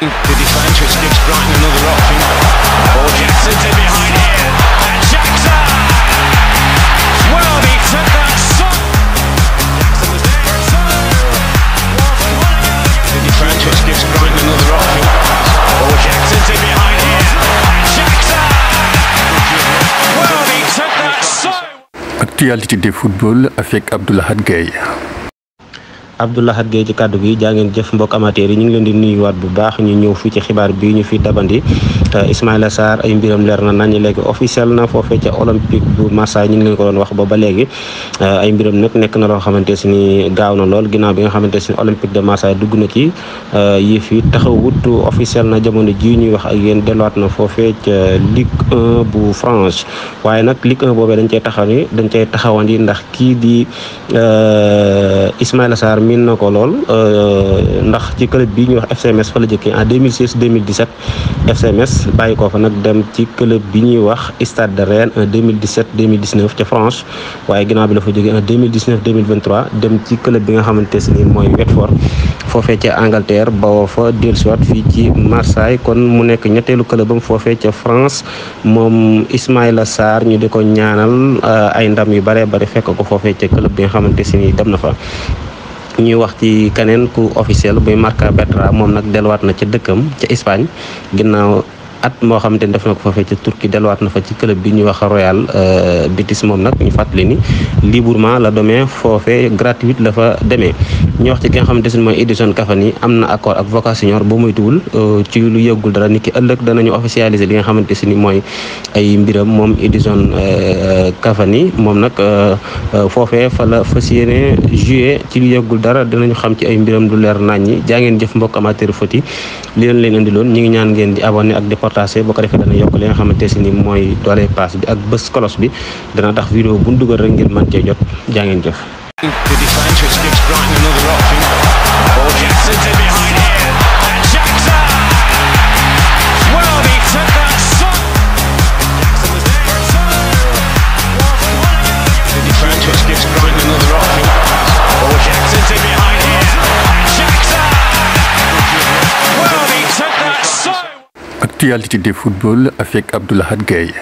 The defence which gives Brighton another option. Oh, Jackson to behind here. And Jackson! Well, he took that shot. Jackson was there. The Desantis gives Brighton another option. Oh, Jackson to behind here. And Jackson! Well, he took that shot. Actualité de football avec Abdullah Gueye. Abdullah Gueye ci kàddu gi jaa ngeen jëf mbokk amateur yi ngi leen di nuyuwaat bu baax ñu ñëw fii ci xibaar bi ñu fi dabandi euh, Ismaïla Sarr ay mbiram leer na nañu léegi officiel na foofee ca olympique bu Marseille ñu ngi leen ko doon wax ba ba léegi euh, ay mbiram nag nekk na loo xamante si ni gaaw na lool ginnaaw bi nga xamante si ni olympique de Marseille dugg na ci euh, yëf yi taxawut officiel na jamono ji ñuy wax ak yéen delluwaat na foofee ca Ligue 1 bu France waaye nag Ligue 1 boobee dañ cey taxaw ni dañ cey taxawandi ndax kii di Ismaïla Sarr miin na ko lool euh, ndax ci club bi ñuy wax FCMS fa la jëkkee en 2016 2017 FCMS bàyyi fa nag dem ci club bi ñuy wax Stade de Rennes en 2017 2019 ca France waaye ginnaaw bi la fa jógee en 2019 2023 dem ci club bi nga xamante si ni mooy Watford foofee ca Angleterre bawoo fa dellusiwaat fii ci Marseille kon mu nekk ñetteelu clubam foofee ca France mom Ismail Sarr ñu di ko ñaanal euh, ay ndam yu bare bare fekk ko foofee ca club bi nga xamante dem na fa ñuy wax ci keneen ku officiel buy Marc Bartra moom nag delluwaat na ca dëkkam ca Espagne ginnaaw at moo xamante ni def na ko foofee ca Turquie delluwaat na fa ci club bi ñuy wax Royal euh, Betis moom nag ñu fàttali ni librement la demee foofee gratuite la fa demee ñu wax ci ki nga xamante ne mooy Edison Cavani am na accord ak Vocassignor bu moytuwul euh, ci lu yëggul dara danañu officialiser li nga xamante si ni mooy ay mbiram moom Edison kafani euh, moom nag foofe fa la fas yéene juillet ci lu yëggul dara dinañu xam ci ay mbiram lu leer nañ ñi jaa ngeen jëf mbokk amateur foti li leen leen indiloon ñu ngi ñaan ngeen di abonné ak partager boo ko defee dana yokk li nga xamante si ni mooy doole paas bi ak bés kolos bi dana tax vidéo bu dugal rek ngeen mën cee jot jaa ngeen jëf. L'actualité du football avec Abdullah Gaye.